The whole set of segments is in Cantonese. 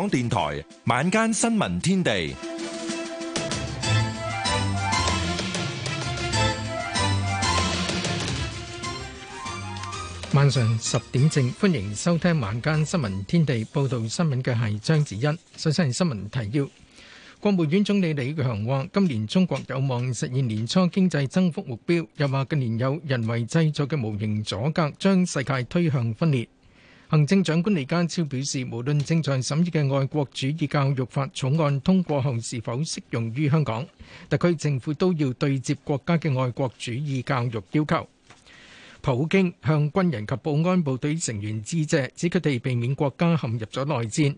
港電台晚間新聞天地，晚上十點正，歡迎收聽晚間新聞天地。報道新聞嘅係張子欣，首先係新聞提要。國務院總理李強話，今年中國有望實現年初經濟增幅目標。又話近年有人為製造嘅無形阻隔，將世界推向分裂。行政長官李家超表示，無論正在審議嘅《愛國主義教育法》草案通過後是否適用於香港，特區政府都要對接國家嘅愛國主義教育要求。普京向軍人及保安部隊成員致謝，指佢哋避免國家陷入咗內戰。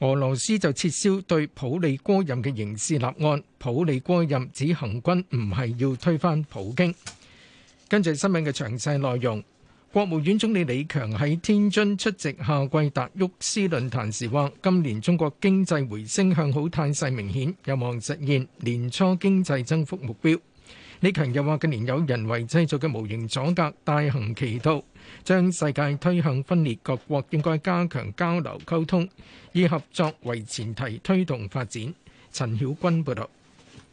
而俄羅斯就撤銷對普利戈任嘅刑事立案。普利戈任指行軍唔係要推翻普京。跟住新聞嘅詳細內容。國務院總理李強喺天津出席夏季達沃斯論壇時話，今年中國經濟回升向好態勢明顯，有望實現年初經濟增幅目標。李強又話，近年有人為製造嘅無形阻隔，大行其道，將世界推向分裂。各國應該加強交流溝通，以合作為前提推動發展。陳曉君報道。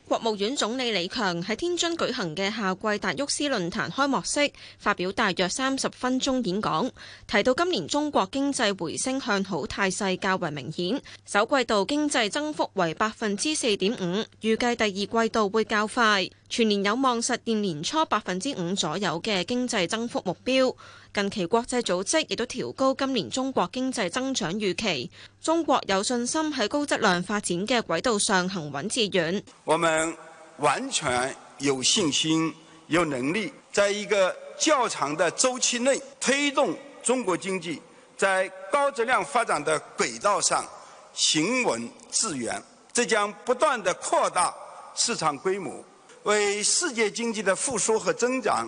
國務院總理李強喺天津舉行嘅夏季達沃斯論壇開幕式發表大約三十分鐘演講，提到今年中國經濟回升向好態勢較為明顯，首季度經濟增幅為百分之四點五，預計第二季度會較快，全年有望實現年，年初百分之五左右嘅經濟增幅目標。近期國際組織亦都調高今年中國經濟增長預期，中國有信心喺高質量發展嘅軌道上行穩致遠。我們完全有信心、有能力，在一個較長的週期內推動中國經濟在高質量發展的軌道上行穩致遠。這將不斷地擴大市場規模，為世界經濟的復甦和增長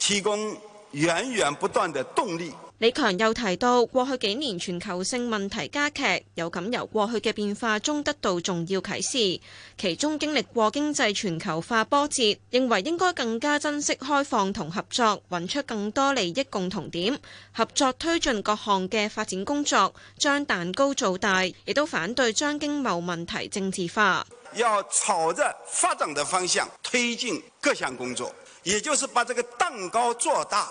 提供源源不斷的動力。李強又提到，過去幾年全球性問題加劇，有感由過去嘅變化中得到重要啟示，其中經歷過經濟全球化波折，認為應該更加珍惜開放同合作，揾出更多利益共同點，合作推進各項嘅發展工作，將蛋糕做大，亦都反對將經貿問題政治化。要朝着發展的方向推進各項工作，也就是把這個蛋糕做大。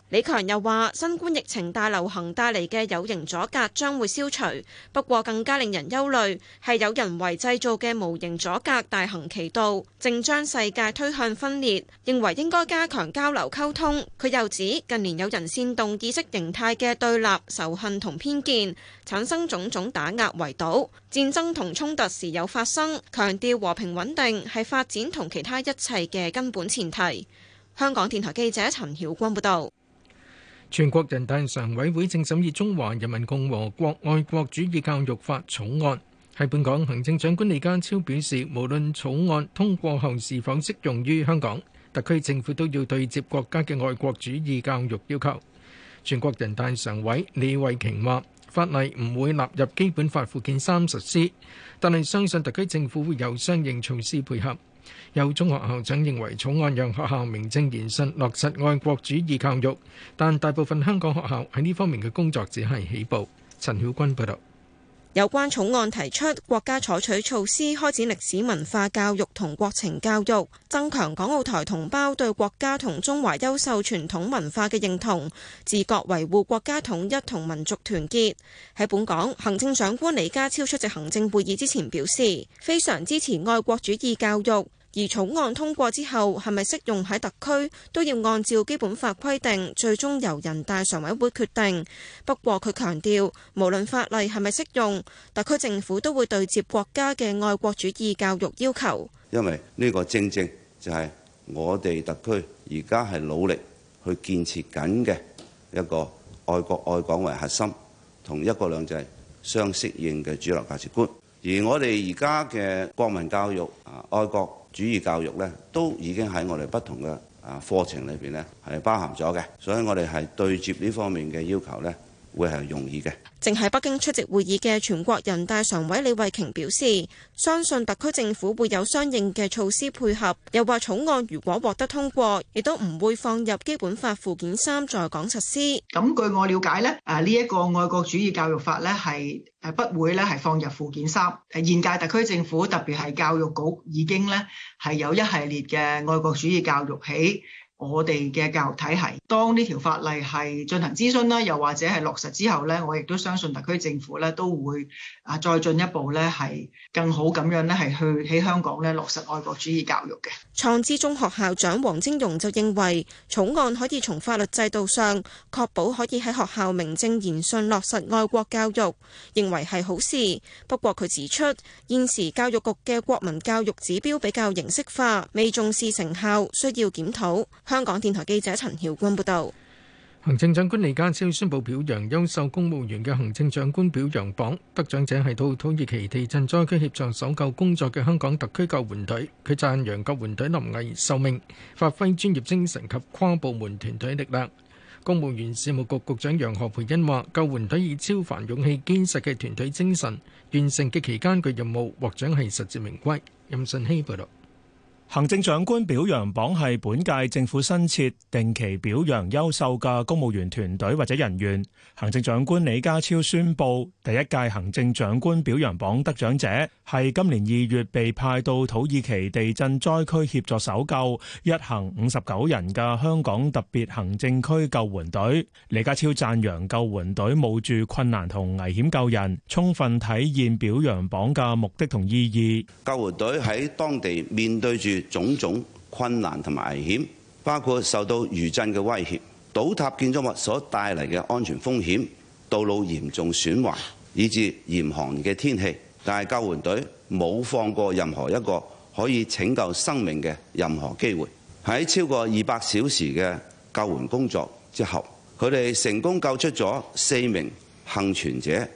李強又話，新冠疫情大流行帶嚟嘅有形阻隔將會消除，不過更加令人憂慮係有人為製造嘅無形阻隔大行其道，正將世界推向分裂。認為應該加強交流溝通。佢又指近年有人煽動意識形態嘅對立、仇恨同偏見，產生種種打壓圍堵、戰爭同衝突時有發生。強調和平穩定係發展同其他一切嘅根本前提。香港電台記者陳曉光報道。全國人大常委會正審議《中華人民共和國愛國主義教育法》草案。喺本港，行政長官李家超表示，無論草案通過後是否適用於香港，特區政府都要對接國家嘅愛國主義教育要求。全國人大常委李慧瓊話，法例唔會納入《基本法》附件三實施，但係相信特區政府會有相應措施配合。有中學校長認為草案讓學校名正言順落實愛國主義教育，但大部分香港學校喺呢方面嘅工作只係起步。陳曉君報道，有關草案提出國家採取措施，開展歷史文化教育同國情教育，增強港澳台同胞對國家同中華優秀傳統文化嘅認同，自覺維護國家統一同民族團結。喺本港，行政長官李家超出席行政會議之前表示，非常支持愛國主義教育。而草案通過之後，係咪適用喺特區，都要按照基本法規定，最終由人大常委會決定。不過佢強調，無論法例係咪適用，特區政府都會對接國家嘅愛國主義教育要求。因為呢個正正就係我哋特區而家係努力去建設緊嘅一個愛國愛港為核心，同一國兩制相適應嘅主流價值觀。而我哋而家嘅國民教育啊，愛國。主義教育呢，都已經喺我哋不同嘅啊課程裏面呢，係包含咗嘅。所以我哋係對接呢方面嘅要求呢。會係容易嘅。正喺北京出席會議嘅全國人大常委李慧瓊表示，相信特區政府會有相應嘅措施配合。又話草案如果獲得通過，亦都唔會放入基本法附件三在港實施。咁據我了解咧，啊呢一個愛國主義教育法咧係誒不會咧係放入附件三。現屆特區政府特別係教育局已經咧係有一系列嘅愛國主義教育起。我哋嘅教育體系，當呢條法例係進行諮詢啦，又或者係落實之後咧，我亦都相信特區政府咧都會啊再進一步咧係更好咁樣咧係去喺香港咧落實愛國主義教育嘅。創智中學校長黃晶容就認為草案可以從法律制度上確保可以喺學校名正言順落實愛國教育，認為係好事。不過，佢指出，現時教育局嘅國民教育指標比較形式化，未重視成效，需要檢討。香港電台記者陳曉君報道，行政長官李家超宣布表揚優秀公務員嘅行政長官表揚榜得獎者係到土耳其地震災區協助搜救工作嘅香港特區救援隊。佢讚揚救援隊臨危受命，發揮專業精神及跨部門團隊力量。公務員事務局局長楊何蓓茵話：救援隊以超凡勇氣、堅實嘅團隊精神完成嘅期間嘅任務，獲獎係實至名歸。任信希報道。行政長官表揚榜，係本屆政府新設定期表揚優秀嘅公務員團隊或者人員。行政長官李家超宣布，第一屆行政長官表揚榜得獎者係今年二月被派到土耳其地震災區協助搜救，一行五十九人嘅香港特別行政區救援隊。李家超讚揚救援隊冒住困難同危險救人，充分體現表揚榜嘅目的同意義。救援隊喺當地面對住。種種困難同埋危險，包括受到餘震嘅威脅、倒塌建築物所帶嚟嘅安全風險、道路嚴重損壞，以至嚴寒嘅天氣。但係救援隊冇放過任何一個可以拯救生命嘅任何機會。喺超過二百小時嘅救援工作之後，佢哋成功救出咗四名幸存者，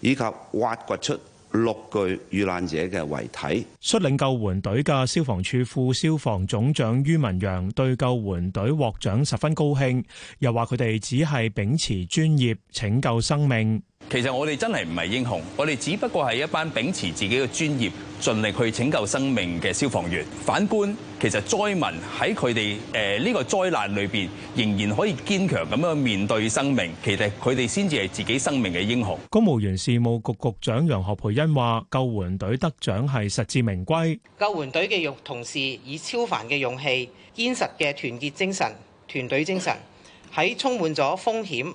以及挖掘出。六具遇難者嘅遺體。率領救援隊嘅消防處副消防總長於文陽對救援隊獲獎十分高興，又話佢哋只係秉持專業拯救生命。其實我哋真係唔係英雄，我哋只不過係一班秉持自己嘅專業，盡力去拯救生命嘅消防員。反觀其實災民喺佢哋誒呢個災難裏邊，仍然可以堅強咁樣面對生命，其實佢哋先至係自己生命嘅英雄。公務員事務局局長楊何蓓茹話：救援隊得獎係實至名歸，救援隊嘅同事以超凡嘅勇氣、堅實嘅團結精神、團隊精神，喺充滿咗風險。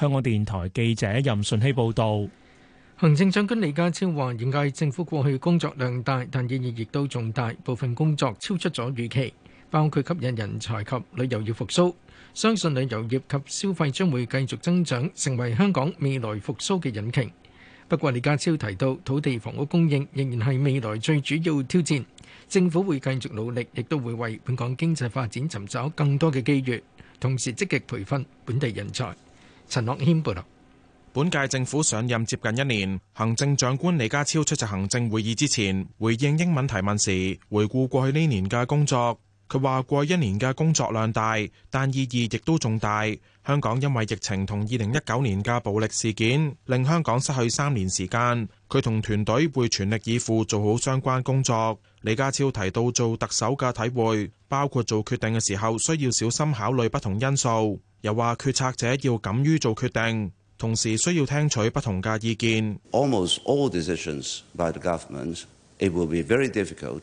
香港電台記者任順希報道，行政長官李家超話，現屆政府過去工作量大，但意義亦都重大，部分工作超出咗預期，包括吸引人才及旅遊業復蘇。相信旅遊業及消費將會繼續增長，成為香港未來復蘇嘅引擎。不過，李家超提到，土地房屋供應仍然係未來最主要挑戰，政府會繼續努力，亦都會為本港經濟發展尋找更多嘅機遇，同時積極培訓本地人才。陳樂謙報道。本屆政府上任接近一年，行政長官李家超出席行政會議之前，回應英文提問時，回顧過去呢年嘅工作。佢話：過一年嘅工作量大，但意義亦都重大。香港因為疫情同二零一九年嘅暴力事件，令香港失去三年時間。佢同團隊會全力以赴做好相關工作。李家超提到做特首嘅體會，包括做決定嘅時候需要小心考慮不同因素，又話決策者要敢於做決定，同時需要聽取不同嘅意見。Almost all decisions by the government, it will be very difficult.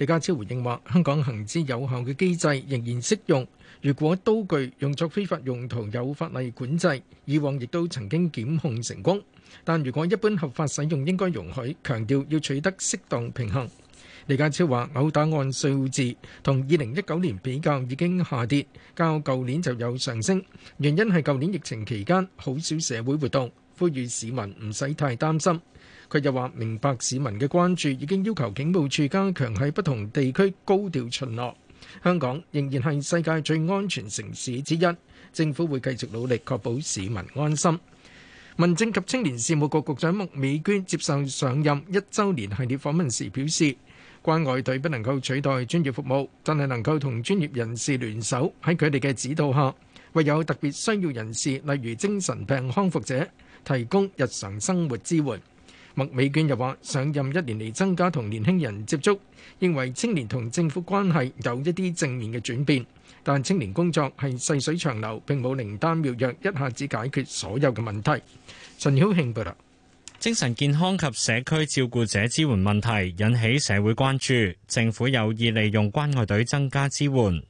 李家超回應話：香港行之有效嘅機制仍然適用。如果刀具用作非法用途有法例管制，以往亦都曾經檢控成功。但如果一般合法使用應該容許，強調要取得適當平衡。李家超話毆打案數字同二零一九年比較已經下跌，較舊年就有上升。原因係舊年疫情期間好少社會活動，呼籲市民唔使太擔心。佢又話：明白市民嘅關注，已經要求警務處加強喺不同地區高調巡邏。香港仍然係世界最安全城市之一，政府會繼續努力確保市民安心。民政及青年事務局局長麥美娟接受上任一週年系列訪問時表示，關愛隊不能夠取代專業服務，但係能夠同專業人士聯手喺佢哋嘅指導下，為有特別需要人士，例如精神病康復者，提供日常生活支援。麥美娟又話：上任一年嚟，增加同年輕人接觸，認為青年同政府關係有一啲正面嘅轉變，但青年工作係細水長流，並冇靈丹妙藥一下子解決所有嘅問題。陳曉慶報道：精神健康及社區照顧者支援問題引起社會關注，政府有意利用關愛隊增加支援。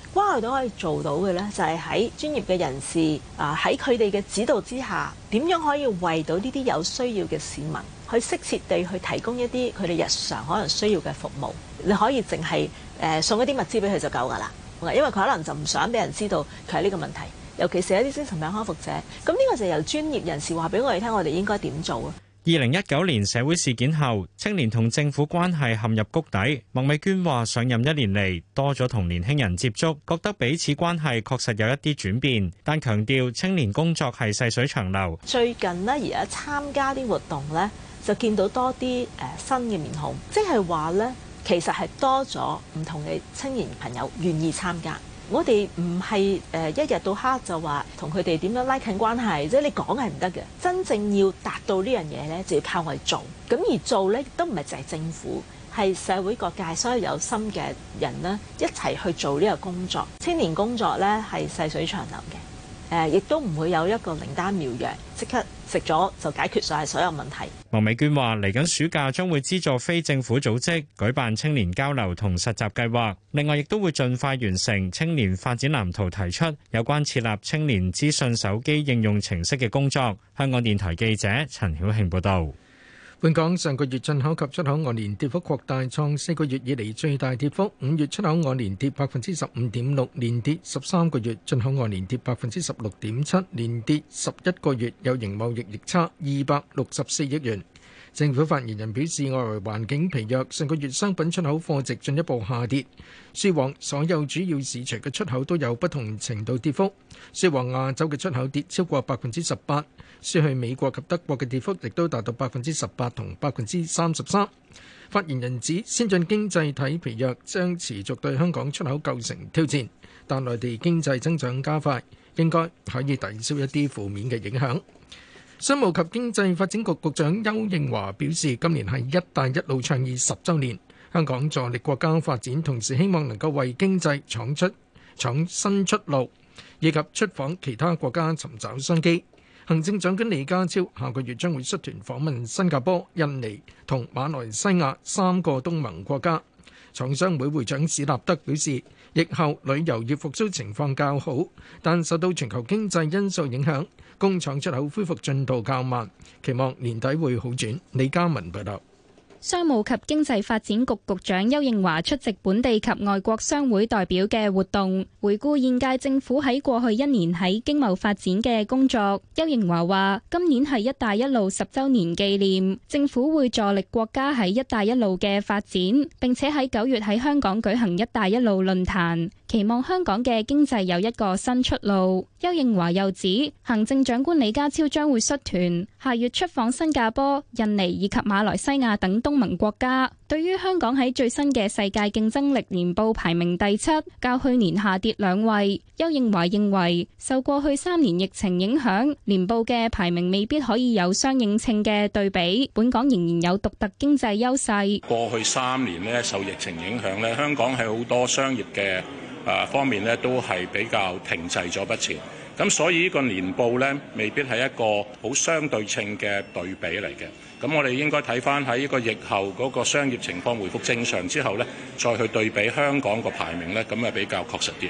關愛隊都可以做到嘅咧，就係喺專業嘅人士啊，喺佢哋嘅指導之下，點樣可以為到呢啲有需要嘅市民，去適切地去提供一啲佢哋日常可能需要嘅服務。你可以淨係誒送一啲物資俾佢就夠㗎啦，因為佢可能就唔想俾人知道佢係呢個問題，尤其是一啲精神病康復者。咁呢個就由專業人士話俾我哋聽，我哋應該點做啊？2019年社會事件後，青年同政府關係陷入谷底。莫美娟話上任一年嚟，多咗同年輕人接觸，覺得彼此關係確實有一啲轉變，但強調青年工作係細水長流。最近呢，而家參加啲活動呢，就見到多啲新嘅面孔，即係話呢，其實係多咗唔同嘅青年朋友願意參加。我哋唔係誒一日到黑就話同佢哋點樣拉近關係，即係你講係唔得嘅。真正要達到呢樣嘢呢，就要靠我哋做。咁而做呢，都唔係淨係政府，係社會各界所有有心嘅人呢，一齊去做呢個工作。青年工作呢，係細水長流嘅。誒，亦都唔會有一個靈丹妙藥，即刻食咗就解決晒所有問題。黃美娟話，嚟緊暑假將會資助非政府組織舉辦青年交流同實習計劃，另外亦都會盡快完成青年發展藍圖，提出有關設立青年資訊手機應用程式嘅工作。香港電台記者陳曉慶報道。本港上個月進口及出口按年跌幅擴大，創四個月以嚟最大跌幅。五月出口按年跌百分之十五點六，連跌十三個月；進口按年跌百分之十六點七，連跌十一個月，有形貿易逆差二百六十四億元。政府發言人表示，外圍環境疲弱，上個月商品出口貨值進一步下跌。輸往所有主要市場嘅出口都有不同程度跌幅，輸往亞洲嘅出口跌超過百分之十八，輸去美國及德國嘅跌幅亦都達到百分之十八同百分之三十三。發言人指，先進經濟體疲弱將持續對香港出口構成挑戰，但內地經濟增長加快，應該可以抵消一啲負面嘅影響。商務及經濟發展局局長邱應華表示，今年係「一帶一路」倡議十週年，香港助力國家發展，同時希望能夠為經濟闖出闖新出路，以及出訪其他國家尋找商機。行政長官李家超下個月將會率團訪問新加坡、印尼同馬來西亞三個東盟國家。廠商會會長史立德表示，疫後旅遊業復甦情況較好，但受到全球經濟因素影響。工廠出口恢復進度較慢，期望年底會好轉。李嘉文報道。商務及經濟發展局局長邱應華出席本地及外國商會代表嘅活動，回顧現屆政府喺過去一年喺經貿發展嘅工作。邱應華話：今年係一帶一路十周年紀念，政府會助力國家喺一帶一路嘅發展，並且喺九月喺香港舉行一帶一路論壇，期望香港嘅經濟有一個新出路。邱應華又指，行政長官李家超將會率團下月出訪新加坡、印尼以及馬來西亞等東盟國家。對於香港喺最新嘅世界競爭力年報排名第七，較去年下跌兩位，邱應華認為受過去三年疫情影響，年報嘅排名未必可以有相應性嘅對比。本港仍然有獨特經濟優勢。過去三年咧受疫情影響咧，香港喺好多商業嘅啊方面咧都係比較停滯咗不前。咁所以呢個年報咧，未必係一個好相對稱嘅對比嚟嘅。咁我哋應該睇翻喺呢個疫後嗰個商業情況回復正常之後咧，再去對比香港個排名咧，咁啊，比較確實啲。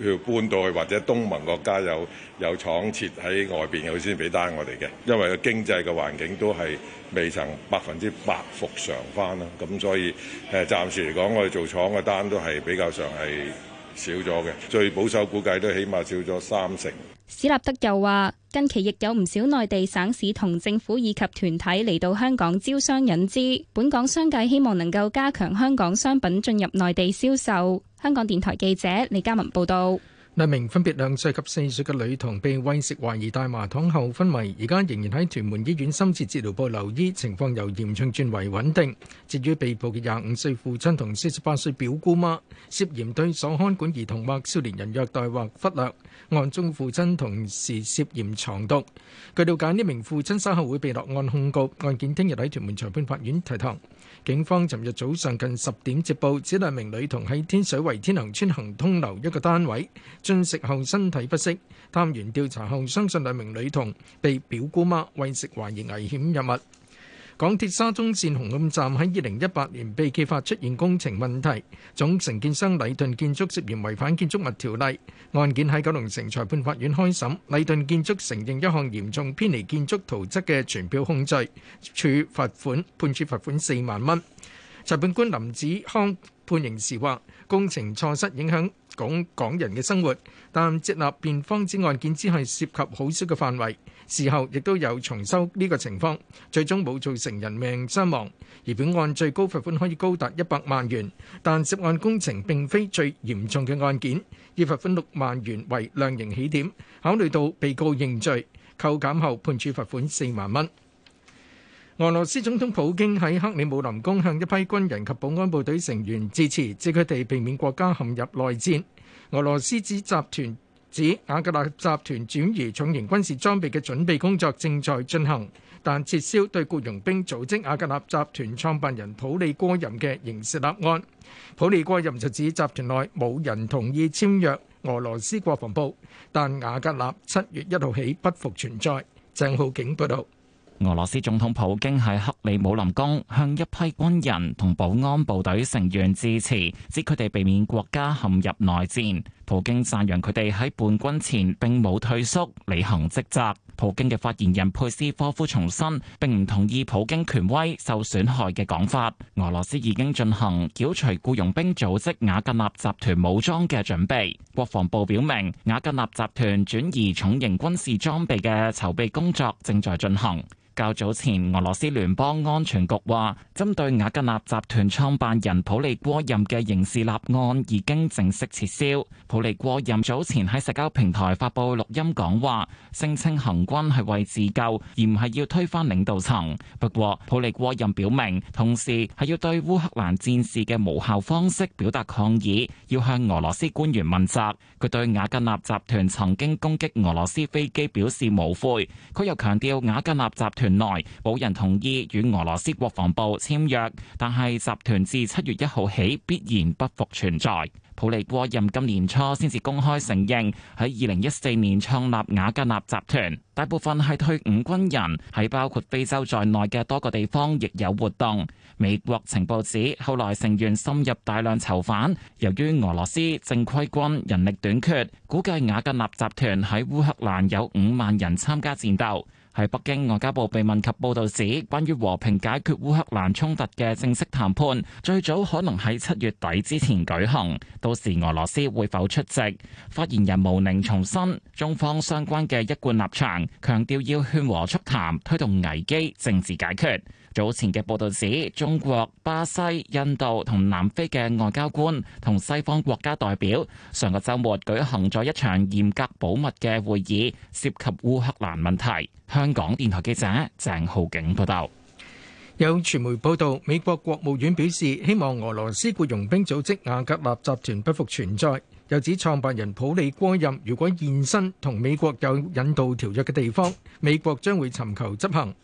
譬如搬到去或者東盟國家，有有廠設喺外邊，佢先俾單我哋嘅，因為經濟嘅環境都係未曾百分之百復常返啦，咁所以誒暫時嚟講，我哋做廠嘅單都係比較上係。少咗嘅，最保守估計都起碼少咗三成。史立德又話，近期亦有唔少內地省市同政府以及團體嚟到香港招商引資，本港商界希望能夠加強香港商品進入內地銷售。香港電台記者李嘉文報道。兩名分別兩歲及四歲嘅女童被餵食懷疑大麻糖後昏迷，而家仍然喺屯門醫院深切治療部留醫，情況由嚴重轉為穩定。至於被捕嘅廿五歲父親同四十八歲表姑媽，涉嫌對所看管兒童或少年人虐待或忽略，案中父親同時涉嫌藏毒。據了解，呢名父親稍後會被落案控告，案件聽日喺屯門裁判法院提堂。警方尋日早上近十點接報，指兩名女童喺天水圍天恒村恒通樓一個單位進食後身體不適。探員調查後，相信兩名女童被表姑媽餵食懷疑危險藥物。港鐵沙中線紅磡站喺2018年被揭發出現工程問題，總承建商禮頓建築涉嫌違反建築物條例。案件喺九龍城裁判法院開審，禮頓建築承認一項嚴重偏離建築圖則嘅傳票控罪，處罰款，判處罰款四萬蚊。裁判官林子康判刑時話：工程錯失影響港港人嘅生活，但接納辯方指案件只係涉及好少嘅範圍。事後亦都有重修呢個情況，最終冇造成人命傷亡。而本案最高罰款可以高達一百萬元，但涉案工程並非最嚴重嘅案件，以罰款六萬元為量刑起點。考慮到被告認罪，扣減後判處罰款四萬蚊。俄羅斯總統普京喺克里姆林宮向一批軍人及保安部隊成員致辭，致佢哋避免國家陷入內戰。俄羅斯指集團。指瓦格納集團轉移重型軍事裝備嘅準備工作正在進行，但撤銷對僱傭兵組織瓦格納集團創辦人普利戈任嘅刑事立案。普利戈任就指集團內冇人同意簽約俄羅斯國防部，但瓦格納七月一號起不復存在。鄭浩景報導。俄羅斯總統普京喺克里姆林宮向一批軍人同保安部隊成員致詞，指佢哋避免國家陷入內戰。普京讚揚佢哋喺叛軍前並冇退縮，履行職責。普京嘅發言人佩斯科夫重申，並唔同意普京權威受損害嘅講法。俄羅斯已經進行剿除僱傭兵組織瓦格納集團武裝嘅準備。國防部表明，瓦格納集團轉移重型軍事裝備嘅籌備工作正在進行。較早前，俄羅斯聯邦安全局話，針對瓦格納集團創辦人普利過任嘅刑事立案已經正式撤銷。普利過任早前喺社交平台發布錄音講話，聲稱行軍係為自救，而唔係要推翻領導層。不過，普利過任表明，同時係要對烏克蘭戰士嘅無效方式表達抗議，要向俄羅斯官員問責。佢對瓦格納集團曾經攻擊俄羅斯飛機表示無悔。佢又強調，瓦格納集團。團內冇人同意與俄羅斯國防部簽約，但係集團自七月一號起必然不復存在。普里戈任今年初先至公開承認，喺二零一四年創立瓦格納集團，大部分係退伍軍人，喺包括非洲在內嘅多個地方亦有活動。美國情報指後來成員深入大量囚犯，由於俄羅斯正規軍人力短缺，估計瓦格納集團喺烏克蘭有五萬人參加戰鬥。喺北京外交部被問及報導指，關於和平解決烏克蘭衝突嘅正式談判，最早可能喺七月底之前舉行。到時俄羅斯會否出席？發言人毛寧重申中方相關嘅一貫立場，強調要勸和促談，推動危機政治解決。早前嘅報導指，中國、巴西、印度同南非嘅外交官同西方國家代表上個週末舉行咗一場嚴格保密嘅會議，涉及烏克蘭問題。香港電台記者鄭浩景報道。有傳媒報道，美國國務院表示，希望俄羅斯僱傭兵組織瓦格納集團不復存在，又指創辦人普利戈任如果現身同美國有引渡條約嘅地方，美國將會尋求執行。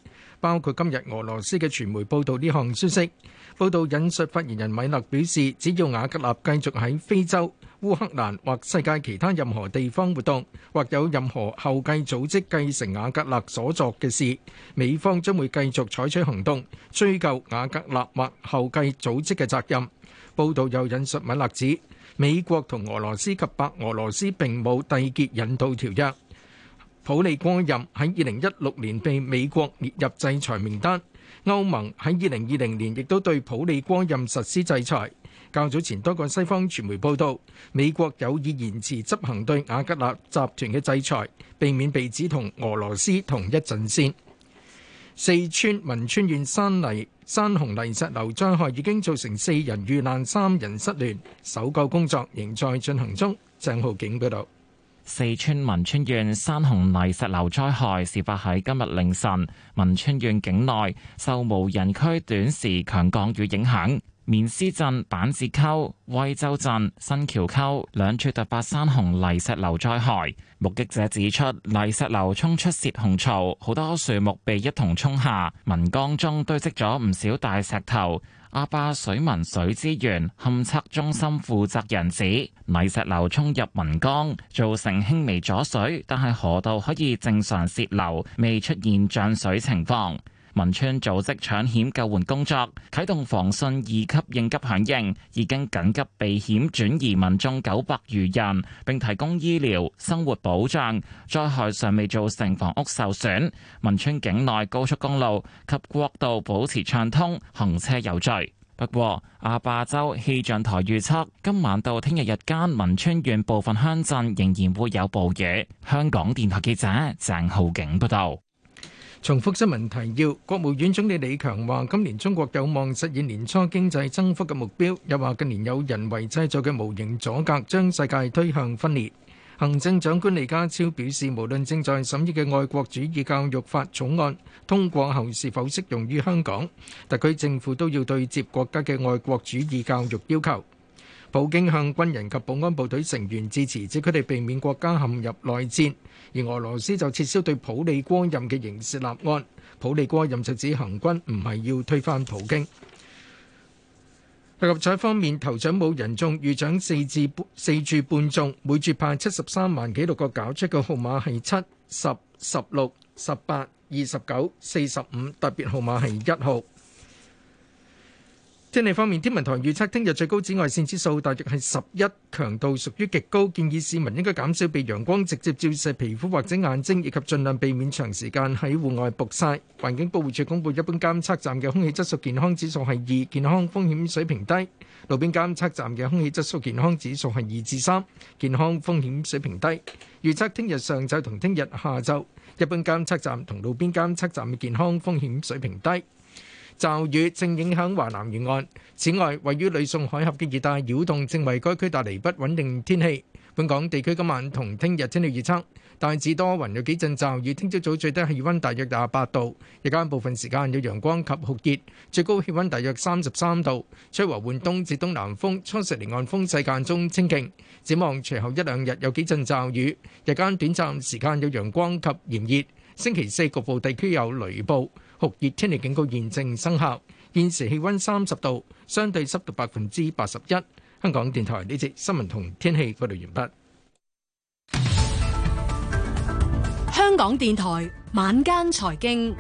包括今日俄羅斯嘅傳媒報道呢項消息，報道引述發言人米勒表示，只要瓦格納繼續喺非洲、烏克蘭或世界其他任何地方活動，或有任何後繼組織繼承瓦格納所作嘅事，美方將會繼續採取行動追究瓦格納或後繼組織嘅責任。報道又引述米勒指，美國同俄羅斯及白俄羅斯並冇締結引渡條約。普利戈任喺二零一六年被美國列入制裁名單，歐盟喺二零二零年亦都對普利戈任實施制裁。較早前多個西方傳媒報道，美國有意延遲執行對瓦格納集團嘅制裁，避免被指同俄羅斯同一陣線。四川汶川縣山泥山洪泥石流災害已經造成四人遇難，三人失聯，搜救工作仍在進行中。鄭浩景報導。四川汶川縣山洪泥石流災害事發喺今日凌晨，汶川縣境內受無人區短時強降雨影響。棉虒鎮板子溝、威州鎮新橋溝兩處突發山洪泥石流災害，目擊者指出泥石流沖出泄洪槽，好多樹木被一同沖下，岷江中堆積咗唔少大石頭。阿壩水文水資源勘測中心負責人指，泥石流沖入岷江，造成輕微阻水，但係河道可以正常泄流，未出現漲水情況。汶川組織搶險救援工作，啟動防汛二級應急響應，已經緊急避險轉移民眾九百餘人，並提供醫療、生活保障。災害尚未造成房屋受損，汶川境內高速公路及國道保持暢通，行車有序。不過，阿壩州氣象台預測，今晚到聽日日間，汶川縣部分鄉鎮仍然會有暴雨。香港電台記者鄭浩景報道。重複新聞提要，國務院總理李強話今年中國有望實現年初經濟增幅嘅目標，又話近年有人為製造嘅無形阻隔，將世界推向分裂。行政長官李家超表示，無論正在審議嘅《愛國主義教育法》草案通過後是否適用於香港，特區政府都要對接國家嘅愛國主義教育要求。普京向軍人及保安部隊成員致辭，指佢哋避免國家陷入內戰。而俄羅斯就撤銷對普利戈任嘅刑事立案。普利戈任就指行軍唔係要推翻普京。六合彩方面，頭獎冇人中，預獎四至四注半中，每注派七十三萬幾六個。搞出嘅號碼係七十、十六、十八、二十九、四十五。特別號碼係一號。天氣方面，天文台預測聽日最高紫外線指數大約係十一，強度屬於極高，建議市民應該減少被陽光直接照射皮膚或者眼睛，以及盡量避免長時間喺戶外曝曬。環境保護署公布，一般監測站嘅空氣質素健康指數係二，健康風險水平低；路邊監測站嘅空氣質素健康指數係二至三，健康風險水平低。預測聽日上晝同聽日下晝，一般監測站同路邊監測站嘅健康風險水平低。驟雨正影響華南沿岸。此外，位於呂宋海峽嘅熱帶擾動正為該區帶嚟不穩定天氣。本港地區今晚同聽日天氣預測，大致多雲，有幾陣驟雨，聽朝早最低氣溫大約廿八度，日間部分時間有陽光及酷熱，最高氣溫大約三十三度，吹和緩東至東南風，初時離岸風勢間中清勁。展望隨後一兩日有幾陣驟雨，日間短暫時間有陽光及炎熱，星期四局部地區有雷暴。酷熱天氣警告，現正生效，現時氣溫三十度，相對濕度百分之八十一。香港電台呢節新聞同天氣報道完畢。香港電台晚間財經，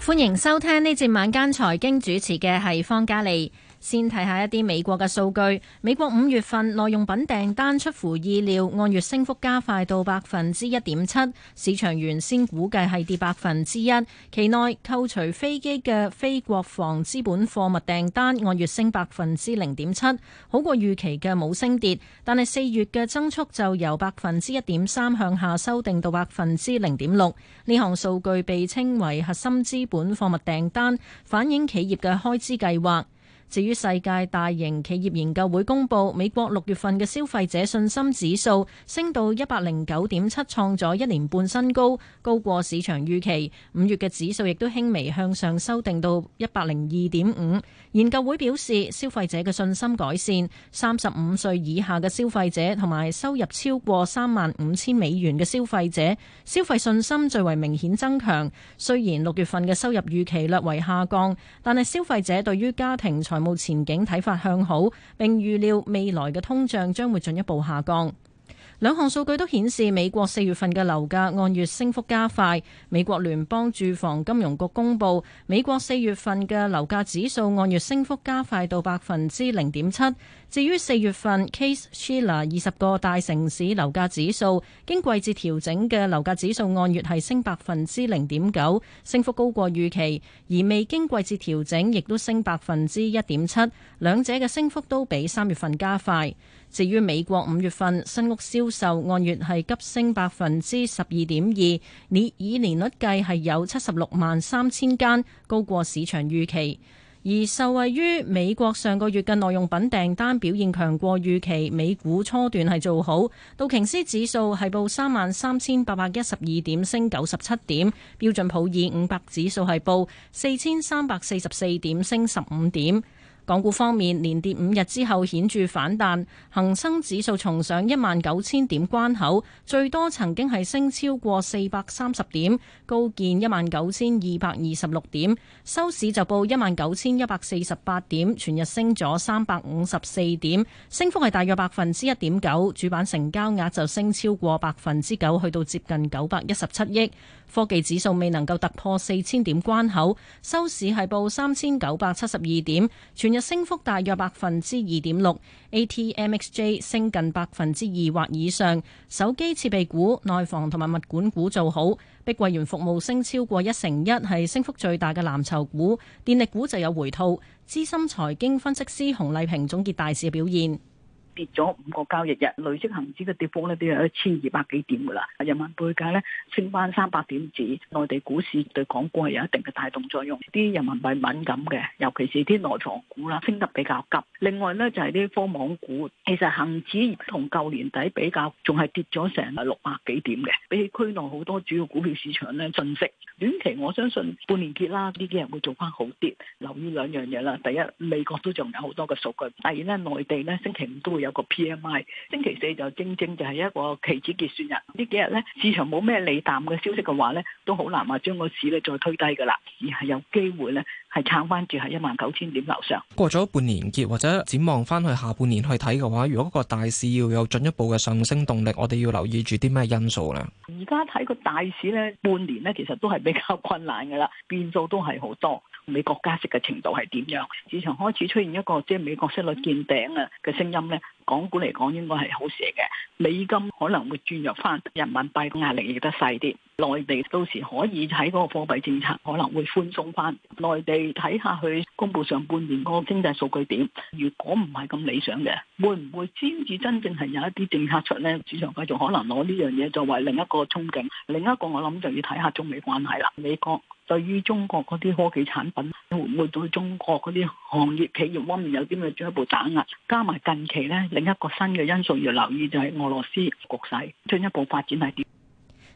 歡迎收聽呢節晚間財經，主持嘅係方嘉麗。先睇下一啲美國嘅數據，美國五月份耐用品訂單出乎意料，按月升幅加快到百分之一點七，市場原先估計係跌百分之一。期內扣除飛機嘅非國防資本貨物訂單按月升百分之零點七，好過預期嘅冇升跌。但係四月嘅增速就由百分之一點三向下修訂到百分之零點六。呢項數據被稱為核心資本貨物訂單，反映企業嘅開支計劃。至於世界大型企業研究會公佈，美國六月份嘅消費者信心指數升到一百零九點七，創咗一年半新高，高過市場預期。五月嘅指數亦都輕微向上修訂到一百零二點五。研究會表示，消費者嘅信心改善，三十五歲以下嘅消費者同埋收入超過三萬五千美元嘅消費者，消費信心最為明顯增強。雖然六月份嘅收入預期略為下降，但係消費者對於家庭財務前景睇法向好，並預料未來嘅通脹將會進一步下降。兩項數據都顯示美國四月份嘅樓價按月升幅加快。美國聯邦住房金融局公佈，美國四月份嘅樓價指數按月升幅加快到百分之零點七。至於四月份，Case-Shiller 二十個大城市樓價指數，經季節調整嘅樓價指數按月係升百分之零點九，升幅高過預期，而未經季節調整亦都升百分之一點七，兩者嘅升幅都比三月份加快。至於美國五月份新屋銷售按月係急升百分之十二點二，以年率計係有七十六萬三千間，高過市場預期。而受惠於美國上個月嘅耐用品訂單表現強過預期，美股初段係做好，道瓊斯指數係報三萬三千八百一十二點，升九十七點；標準普爾五百指數係報四千三百四十四點，升十五點。港股方面，連跌五日之後顯著反彈，恒生指數重上一萬九千點關口，最多曾經係升超過四百三十點，高見一萬九千二百二十六點，收市就報一萬九千一百四十八點，全日升咗三百五十四點，升幅係大約百分之一點九，主板成交額就升超過百分之九，去到接近九百一十七億。科技指數未能夠突破四千點關口，收市係報三千九百七十二點，日升幅大約百分之二點六，ATMXJ 升近百分之二或以上。手機設備股、內房同埋物管股做好，碧桂園服務升超過一成一，係升幅最大嘅藍籌股。電力股就有回吐。資深財經分析師洪麗萍總結大市嘅表現。跌咗五個交易日，累積恒指嘅跌幅咧都有一千二百幾點噶啦。人民幣價咧升翻三百點子，內地股市對港股係有一定嘅帶動作用。啲人民幣敏感嘅，尤其是啲內藏股啦，升得比較急。另外咧就係、是、啲科網股，其實恒指同舊年底比較，仲係跌咗成日六百幾點嘅。比起區內好多主要股票市場咧，遜色。短期我相信半年結啦，呢啲人會做翻好啲。留意兩樣嘢啦，第一美國都仲有好多嘅數據，第二咧內地咧星期五都會。有個 PMI，星期四就正正就係一個期指結算日。呢幾日咧，市場冇咩利淡嘅消息嘅話咧，都好難話將個市咧再推低噶啦，而係有機會咧係撐翻住喺一萬九千點樓上。過咗半年結或者展望翻去下半年去睇嘅話，如果個大市要有進一步嘅上升動力，我哋要留意住啲咩因素咧？而家睇個大市咧，半年咧其實都係比較困難噶啦，變數都係好多。美國加息嘅程度係點樣？市場開始出現一個即係、就是、美國息率見頂啊嘅聲音咧。港股嚟講應該係好事嘅，美金可能會轉入翻，人民幣嘅壓力亦都細啲。內地到時可以睇嗰個貨幣政策可能會寬鬆翻。內地睇下佢公布上半年嗰個經濟數據點，如果唔係咁理想嘅，會唔會先至真正係有一啲政策出呢，市場繼續可能攞呢樣嘢作為另一個憧憬。另一個我諗就要睇下中美關係啦。美國對於中國嗰啲科技產品會唔會對中國嗰啲行業企業方面有啲咩進一步打壓？加埋近期咧。另一個新嘅因素要留意就係俄羅斯局勢進一步發展係點？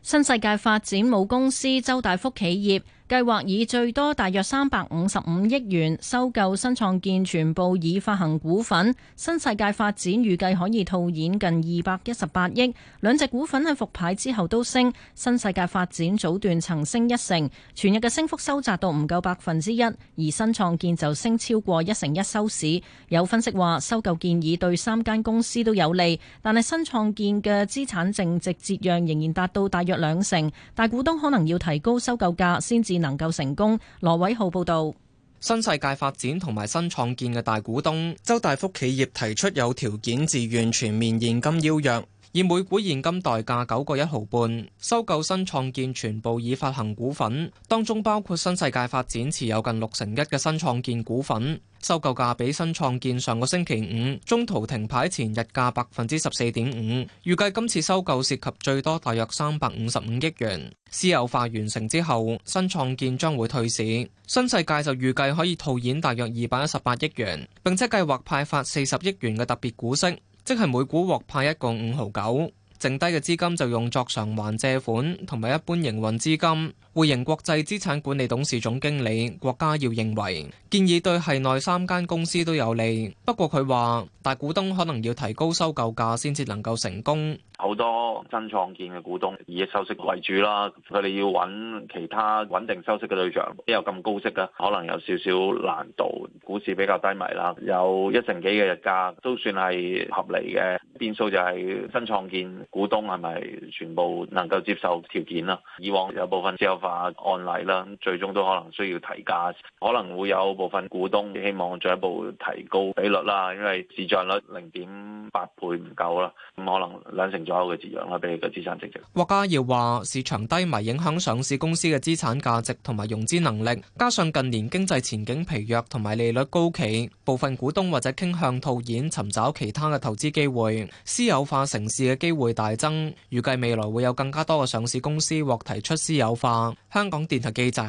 新世界發展母公司周大福企業。計劃以最多大約三百五十五億元收購新創建全部已發行股份。新世界發展預計可以套現近二百一十八億。兩隻股份喺復牌之後都升，新世界發展早段曾升一成，全日嘅升幅收窄到唔夠百分之一，而新創建就升超過一成一收市。有分析話，收購建議對三間公司都有利，但係新創建嘅資產淨值折讓仍然達到大約兩成，大股東可能要提高收購價先至。能夠成功。羅偉浩報道：新世界發展同埋新創建嘅大股東周大福企業提出有條件自願全面現金要約，以每股現金代價九個一毫半收購新創建全部已發行股份，當中包括新世界發展持有近六成一嘅新創建股份。收購價比新創建上個星期五中途停牌前日價百分之十四點五，預計今次收購涉及最多大約三百五十五億元。私有化完成之後，新創建將會退市，新世界就預計可以套現大約二百一十八億元，並且計劃派發四十億元嘅特別股息，即係每股獲派一個五毫九，剩低嘅資金就用作償還借款同埋一般營運資金。匯盈國際資產管理董事總經理郭家耀認為，建議對系內三間公司都有利。不過佢話，大股東可能要提高收購價先至能夠成功。好多新創建嘅股東以收息為主啦，佢哋要揾其他穩定收息嘅對象，邊有咁高息呀？可能有少少難度。股市比較低迷啦，有一成幾嘅日價都算係合理嘅。變數就係新創建股東係咪全部能夠接受條件啦？以往有部分自由。啊！案例啦，最終都可能需要提價，可能會有部分股東希望進一步提高比率啦，因為市賬率零點八倍唔夠啦，咁可能兩成左右嘅字樣啦，俾個資產淨值。郭家耀話：市場低迷影響上市公司嘅資產價值同埋融資能力，加上近年經濟前景疲弱同埋利率高企，部分股東或者傾向套現，尋找其他嘅投資機會。私有化城市嘅機會大增，預計未來會有更加多嘅上市公司獲提出私有化。香港電台記者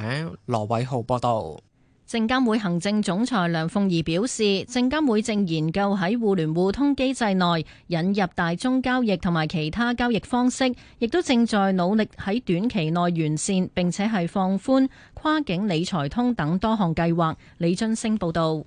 羅偉豪報道。證監會行政總裁梁鳳儀表示，證監會正研究喺互聯互通機制內引入大宗交易同埋其他交易方式，亦都正在努力喺短期內完善，並且係放寬跨境理財通等多項計劃。李津升報道。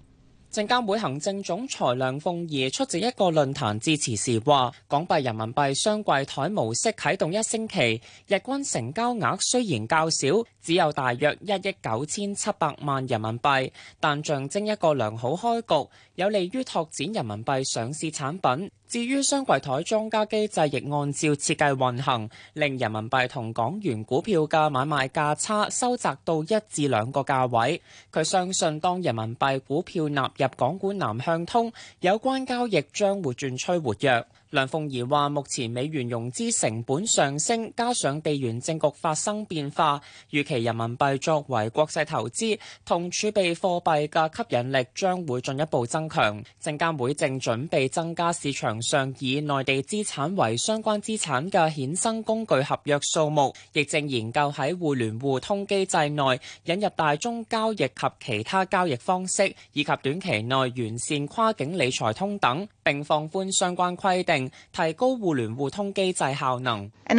證監會行政總裁梁鳳儀出席一個論壇致辭時話：港幣人民幣雙櫃台模式啟動一星期，日均成交額雖然較少。只有大約一億九千七百萬人民幣，但象徵一個良好開局，有利於拓展人民幣上市產品。至於雙櫃台莊家機制，亦按照設計運行，令人民幣同港元股票嘅買賣價差收窄到一至兩個價位。佢相信，當人民幣股票納入港股南向通，有關交易將會轉趨活躍。梁鳳儀話，目前美元融資成本上升，加上地緣政局發生變化，預期人民幣作為國際投資同儲備貨幣嘅吸引力將會進一步增強，證監會正準備增加市場上以內地資產為相關資產嘅衍生工具合約數目，亦正研究喺互聯互通機制內引入大宗交易及其他交易方式，以及短期內完善跨境理財通等，並放寬相關規定。提高互聯互通機制效能。And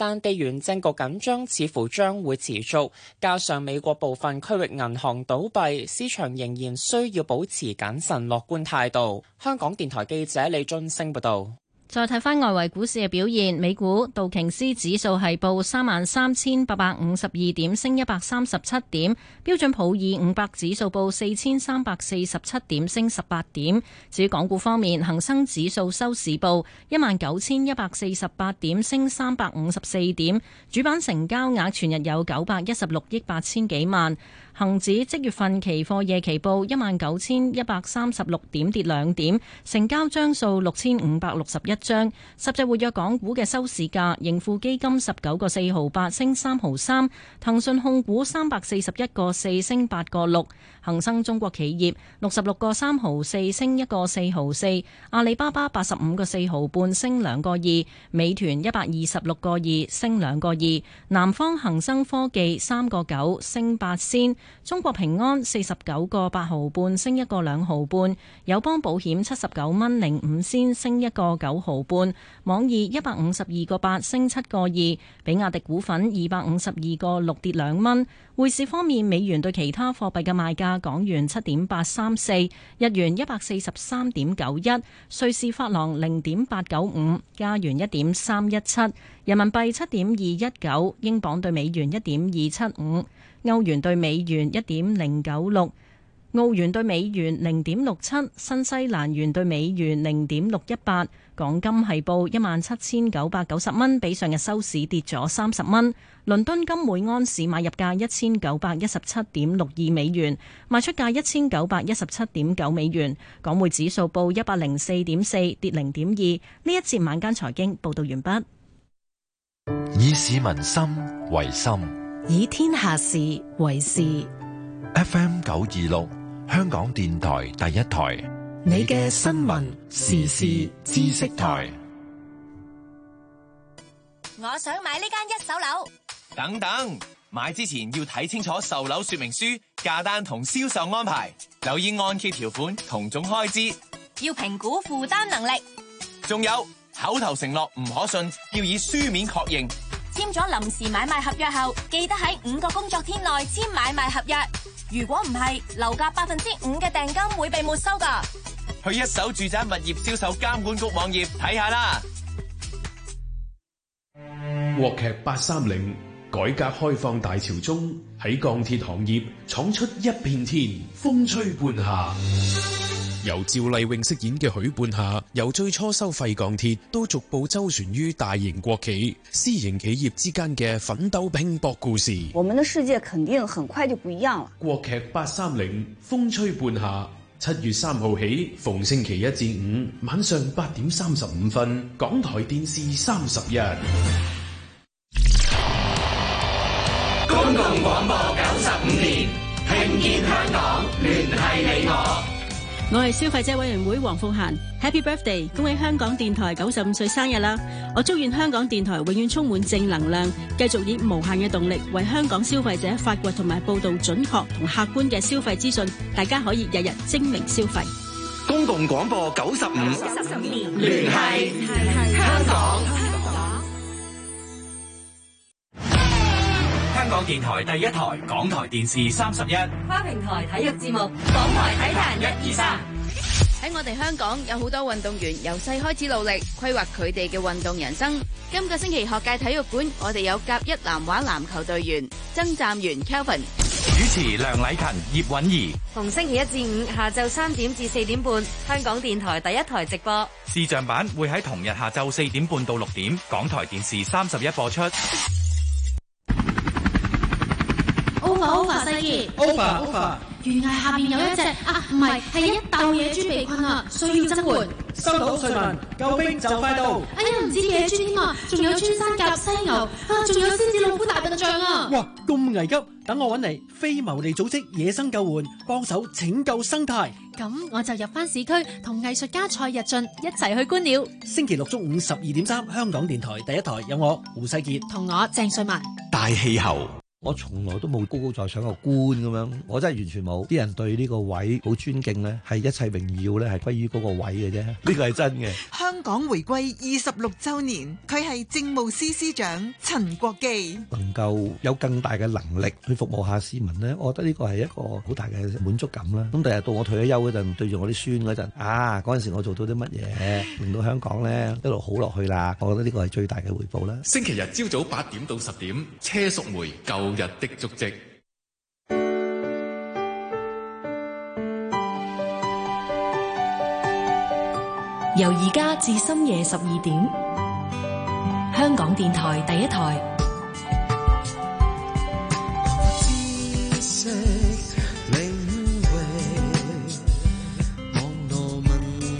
但地緣政局緊張似乎將會持續，加上美國部分區域銀行倒閉，市場仍然需要保持謹慎樂觀態度。香港電台記者李俊升報導。再睇翻外圍股市嘅表現，美股杜瓊斯指數係報三萬三千八百五十二點，升一百三十七點；標準普爾五百指數報四千三百四十七點，升十八點。至於港股方面，恒生指數收市報一萬九千一百四十八點，升三百五十四點。主板成交額全日有九百一十六億八千幾萬。恒指即月份期貨夜期報一萬九千一百三十六點跌兩點，成交張數六千五百六十一張。十隻活躍港股嘅收市價，盈富基金十九個四毫八升三毫三，騰訊控股三百四十一個四升八個六，恒生中國企業六十六個三毫四升一個四毫四，阿里巴巴八十五個四毫半升兩個二，美團一百二十六個二升兩個二，南方恒生科技三個九升八仙。中國平安四十九個八毫半，升一個兩毫半；友邦保險七十九蚊零五仙，升一個九毫半；網易一百五十二個八，升七個二；比亞迪股份二百五十二個六，跌兩蚊。匯市方面，美元對其他貨幣嘅賣價：港元七點八三四，日元一百四十三點九一，瑞士法郎零點八九五，加元一點三一七，人民幣七點二一九，英鎊對美元一點二七五。歐元對美元一點零九六，澳元對美元零點六七，新西蘭元對美元零點六一八，港金係報一萬七千九百九十蚊，比上日收市跌咗三十蚊。倫敦金每安士買入價一千九百一十七點六二美元，賣出價一千九百一十七點九美元。港匯指數報 4. 4, 一百零四點四，跌零點二。呢一節晚間財經報道完畢。以市民心為心。以天下事為事。FM 九二六，香港電台第一台。你嘅新聞時事知識台。我想買呢間一手樓。等等，買之前要睇清楚售樓說明書、價單同銷售安排，留意按揭條款同總開支，要評估負擔能力。仲有，口頭承諾唔可信，要以書面確認。簽咗臨時買賣合約後，記得喺五個工作天內簽買賣合約。如果唔係，樓價百分之五嘅訂金會被沒收噶。去一手住宅物業銷售監管局網頁睇下啦。話劇八三零，改革開放大潮中喺鋼鐵行業闖出一片天，風吹半夏。由趙麗穎飾演嘅許半夏，由最初收廢鋼鐵，都逐步周旋於大型國企、私營企業之間嘅奮鬥拼搏故事。我們的世界肯定很快就不一樣了。國劇八三零，風吹半夏，七月三號起，逢星期一至五晚上八點三十五分，港台電視三十一。公共廣播九十五年，聽見香港，聯繫你我。我係消費者委員會黃鳳嫻，Happy Birthday！恭喜香港電台九十五歲生日啦！我祝願香港電台永遠充滿正能量，繼續以無限嘅動力為香港消費者發掘同埋報道準確同客觀嘅消費資訊，大家可以日日精明消費。公共廣播九十五，九十五年聯繫香港。電台第一台，港台電視三十一。跨平台體育節目，港台體壇一二三。喺我哋香港有好多運動員由細開始努力規劃佢哋嘅運動人生。今個星期學界體育館，我哋有甲一男拔籃球隊員曾湛源 Kelvin。主持梁禮勤、葉韻儀。逢星期一至五下晝三點至四點半，香港電台第一台直播。視像版會喺同日下晝四點半到六點，港台電視三十一播出。over，over，懸崖下面有一隻啊，唔係，係一竇野豬被困啦，需要增援。收到，萃雯救兵就快到。哎呀，唔知野豬添啊，仲有穿山甲、犀牛啊，仲有獅子、老虎、大笨象啊。哇，咁危急，等我揾嚟，非牟利組織野生救援，幫手拯救生態。咁我就入翻市區，同藝術家蔡日進一齊去觀鳥。星期六中午十二點三，香港電台第一台有我胡世杰，同我鄭萃雯，大氣候。我從來都冇高高在上個官咁樣，我真係完全冇。啲人對呢個位好尊敬呢，係一切榮耀呢係歸於嗰個位嘅啫。呢個係真嘅。香港回歸二十六周年，佢係政務司司長陳國基，能夠有更大嘅能力去服務下市民呢，我覺得呢個係一個好大嘅滿足感啦。咁第日到我退咗休嗰陣，對住我啲孫嗰陣，啊嗰陣時我做到啲乜嘢，令到香港呢一路好落去啦，我覺得呢個係最大嘅回報啦。星期日朝早八點到十點，車淑梅舊日的足跡由而家至深夜十二點，香港電台第一台。